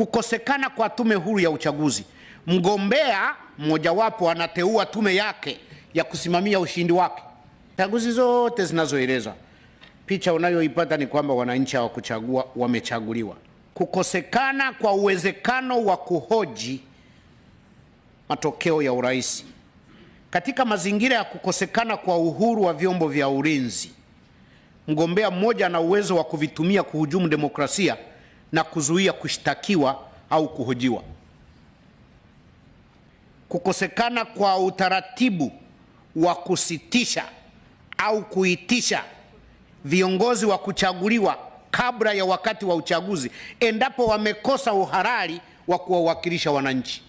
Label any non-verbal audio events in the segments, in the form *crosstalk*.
kukosekana kwa tume huru ya uchaguzi, mgombea mmojawapo anateua tume yake ya kusimamia ushindi wake. Chaguzi zote zinazoelezwa, picha unayoipata ni kwamba wananchi hawakuchagua, wamechaguliwa. Kukosekana kwa uwezekano wa kuhoji matokeo ya urais katika mazingira ya kukosekana kwa uhuru wa vyombo vya ulinzi, mgombea mmoja ana uwezo wa kuvitumia kuhujumu demokrasia na kuzuia kushtakiwa au kuhojiwa. Kukosekana kwa utaratibu wa kusitisha au kuitisha viongozi wa kuchaguliwa kabla ya wakati wa uchaguzi endapo wamekosa uhalali wa kuwawakilisha wananchi,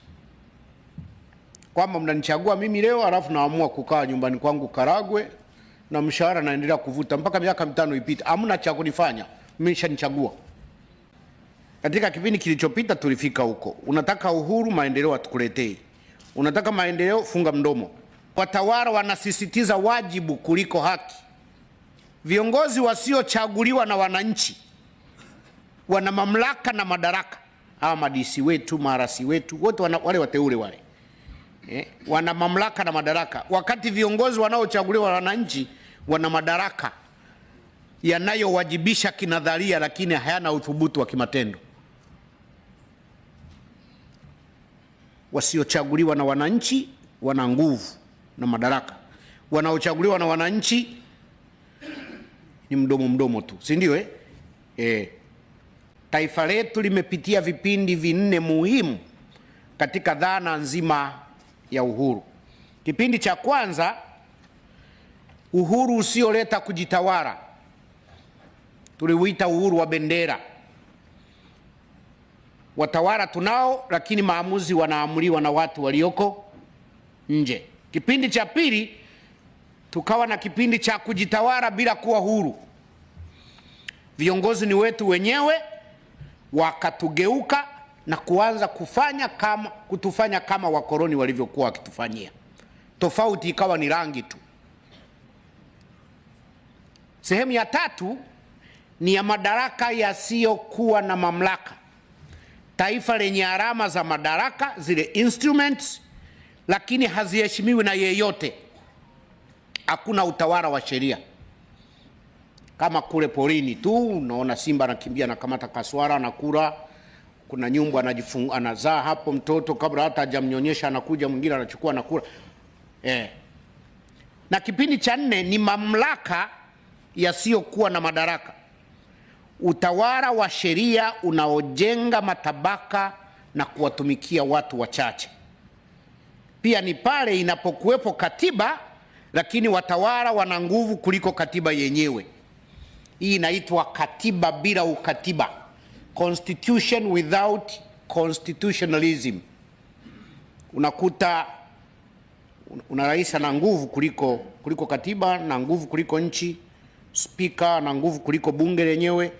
kwamba mnanichagua mimi leo alafu naamua kukaa nyumbani kwangu Karagwe na mshahara naendelea kuvuta mpaka miaka mitano ipite, hamna cha kunifanya, mmeshanichagua. Katika kipindi kilichopita tulifika huko. Unataka uhuru, maendeleo atukuletee. Unataka maendeleo, funga mdomo. Watawala wanasisitiza wajibu kuliko haki. Viongozi wasiochaguliwa na wananchi wana mamlaka na madaraka. Hawa madisi wetu, marasi wetu wote wale wateule wale eh, wana mamlaka na madaraka, wakati viongozi wanaochaguliwa na wananchi wana madaraka yanayowajibisha kinadharia, lakini hayana uthubutu wa kimatendo. wasiochaguliwa na wananchi wana nguvu na madaraka, wanaochaguliwa na wananchi ni mdomo mdomo tu, si ndio? Eh, eh, taifa letu limepitia vipindi vinne muhimu katika dhana nzima ya uhuru. Kipindi cha kwanza, uhuru usioleta kujitawala, tuliuita uhuru wa bendera. Watawala tunao, lakini maamuzi wanaamuliwa na watu walioko nje. Kipindi cha pili tukawa na kipindi cha kujitawala bila kuwa huru. Viongozi ni wetu wenyewe, wakatugeuka na kuanza kufanya kama, kutufanya kama wakoloni walivyokuwa wakitufanyia. Tofauti ikawa ni rangi tu. Sehemu ya tatu ni ya madaraka yasiyokuwa na mamlaka taifa lenye alama za madaraka zile instruments, lakini haziheshimiwi na yeyote. Hakuna utawala wa sheria kama kule porini tu. Unaona simba anakimbia, anakamata kaswara, anakula. Kuna nyumbu anajifunga, anazaa hapo mtoto kabla hata hajamnyonyesha, anakuja mwingine anachukua, anakula eh. Na kipindi cha nne ni mamlaka yasiyokuwa na madaraka utawala wa sheria unaojenga matabaka na kuwatumikia watu wachache. Pia ni pale inapokuwepo katiba, lakini watawala wana nguvu kuliko katiba yenyewe. Hii inaitwa katiba bila ukatiba, constitution without constitutionalism. Unakuta una rais ana nguvu kuliko, kuliko katiba na nguvu kuliko nchi, spika na nguvu kuliko bunge lenyewe.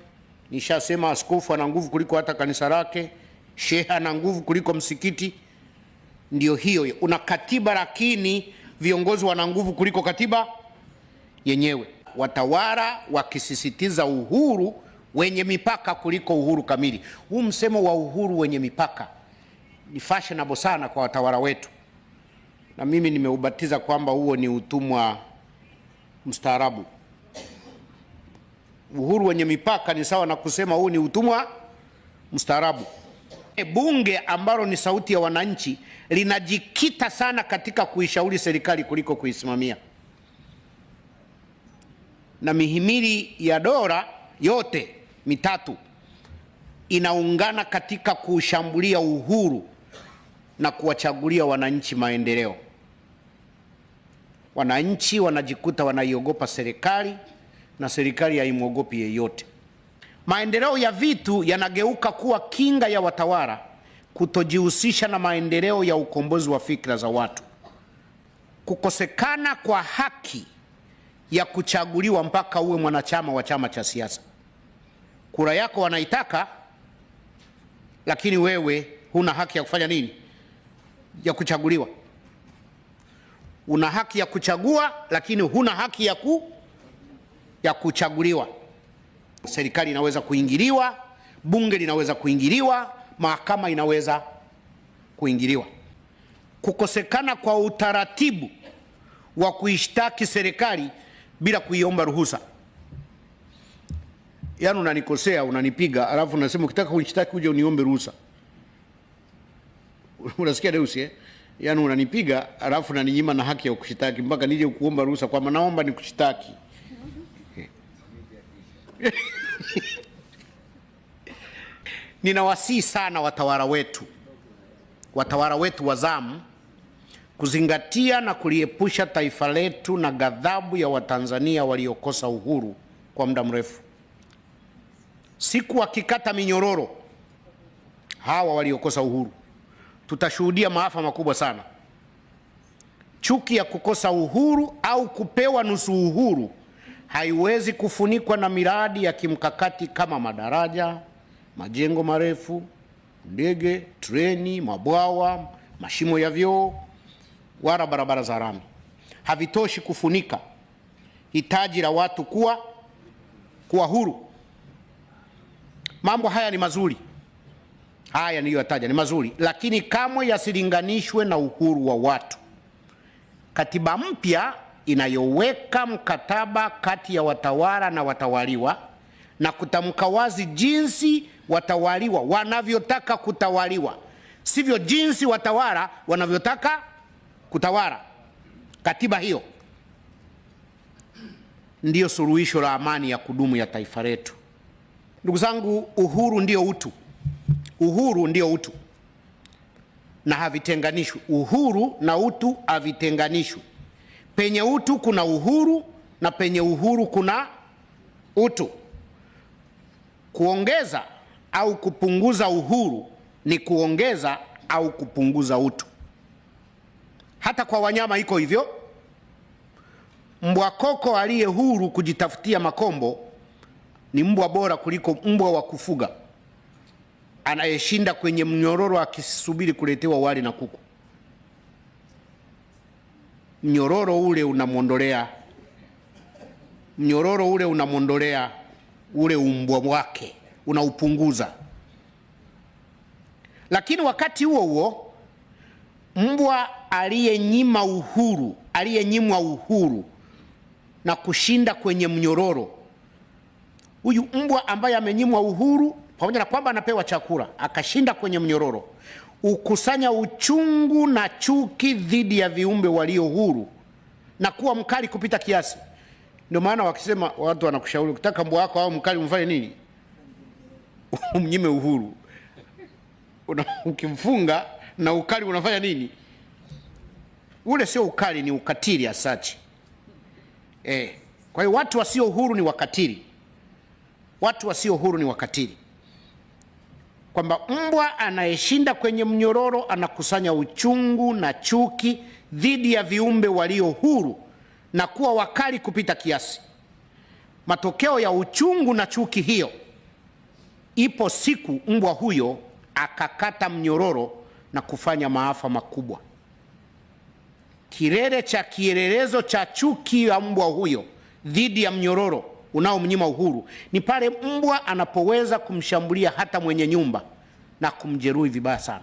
Nishasema askofu ana nguvu kuliko hata kanisa lake, shehe ana nguvu kuliko msikiti. Ndio hiyo, una katiba lakini viongozi wana nguvu kuliko katiba yenyewe. Watawala wakisisitiza uhuru wenye mipaka kuliko uhuru kamili. Huu msemo wa uhuru wenye mipaka ni fashionable sana kwa watawala wetu, na mimi nimeubatiza kwamba huo ni utumwa mstaarabu uhuru wenye mipaka ni sawa na kusema huu ni utumwa mstaarabu. E, bunge ambalo ni sauti ya wananchi linajikita sana katika kuishauri serikali kuliko kuisimamia, na mihimili ya dola yote mitatu inaungana katika kuushambulia uhuru na kuwachagulia wananchi maendeleo. Wananchi wanajikuta wanaiogopa serikali na serikali haimwogopi yeyote. Maendeleo ya vitu yanageuka kuwa kinga ya watawala kutojihusisha na maendeleo ya ukombozi wa fikra za watu. Kukosekana kwa haki ya kuchaguliwa mpaka uwe mwanachama wa chama cha siasa. Kura yako wanaitaka, lakini wewe huna haki ya kufanya nini? Ya kuchaguliwa. Una haki ya kuchagua, lakini huna haki ya ku ya kuchaguliwa, serikali inaweza kuingiliwa, bunge linaweza kuingiliwa, mahakama inaweza kuingiliwa. Kukosekana kwa utaratibu wa kuishtaki serikali bila kuiomba ruhusa, yaani unanikosea, unanipiga, alafu unasema ukitaka kunishtaki uje uniombe ruhusa. *laughs* Unasikia Deusi eh? Yaani unanipiga alafu unaninyima na haki ya kushitaki mpaka nije kuomba ruhusa, kwa maana naomba nikushitaki. *laughs* Ninawasihi sana watawala wetu, watawala wetu wa zamu kuzingatia na kuliepusha taifa letu na ghadhabu ya Watanzania waliokosa uhuru kwa muda mrefu, siku wakikata minyororo hawa waliokosa uhuru, tutashuhudia maafa makubwa sana. Chuki ya kukosa uhuru au kupewa nusu uhuru haiwezi kufunikwa na miradi ya kimkakati kama madaraja, majengo marefu, ndege, treni, mabwawa, mashimo ya vyoo wala barabara za rami. Havitoshi kufunika hitaji la watu kuwa kuwa huru. Mambo haya ni mazuri, haya niliyoyataja ni mazuri, lakini kamwe yasilinganishwe na uhuru wa watu. Katiba mpya inayoweka mkataba kati ya watawala na watawaliwa na kutamka wazi jinsi watawaliwa wanavyotaka kutawaliwa, sivyo jinsi watawala wanavyotaka kutawala. Katiba hiyo ndiyo suluhisho la amani ya kudumu ya taifa letu. Ndugu zangu, uhuru ndio utu, uhuru ndio utu na havitenganishwi. Uhuru na utu havitenganishwi. Penye utu kuna uhuru na penye uhuru kuna utu. Kuongeza au kupunguza uhuru ni kuongeza au kupunguza utu. Hata kwa wanyama iko hivyo. Mbwa koko aliye huru kujitafutia makombo ni mbwa bora kuliko mbwa wa kufuga anayeshinda kwenye mnyororo akisubiri kuletewa wali na kuku mnyororo ule unamwondolea, mnyororo ule unamwondolea ule umbwa wake, unaupunguza. Lakini wakati huo huo mbwa aliyenyima uhuru, aliyenyimwa uhuru na kushinda kwenye mnyororo, huyu mbwa ambaye amenyimwa uhuru, pamoja na kwamba anapewa chakula, akashinda kwenye mnyororo, ukusanya uchungu na chuki dhidi ya viumbe walio huru na kuwa mkali kupita kiasi. Ndio maana wakisema watu wanakushauri ukitaka mbwa wako au mkali umfanye nini? *laughs* Umnyime uhuru. Una, ukimfunga na ukali unafanya nini? Ule sio ukali, ni ukatili asachi. Eh, kwa hiyo watu wasio huru ni wakatili, watu wasio huru ni wakatili kwamba mbwa anayeshinda kwenye mnyororo anakusanya uchungu na chuki dhidi ya viumbe walio huru na kuwa wakali kupita kiasi. Matokeo ya uchungu na chuki hiyo, ipo siku mbwa huyo akakata mnyororo na kufanya maafa makubwa. Kilele cha kielelezo cha chuki ya mbwa huyo dhidi ya mnyororo unaomnyima uhuru ni pale mbwa anapoweza kumshambulia hata mwenye nyumba na kumjeruhi vibaya sana,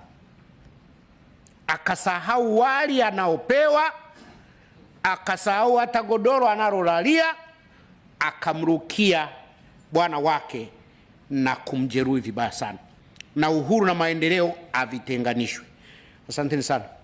akasahau wali anaopewa, akasahau hata godoro analolalia, akamrukia bwana wake na kumjeruhi vibaya sana. Na uhuru na maendeleo havitenganishwi. Asanteni sana.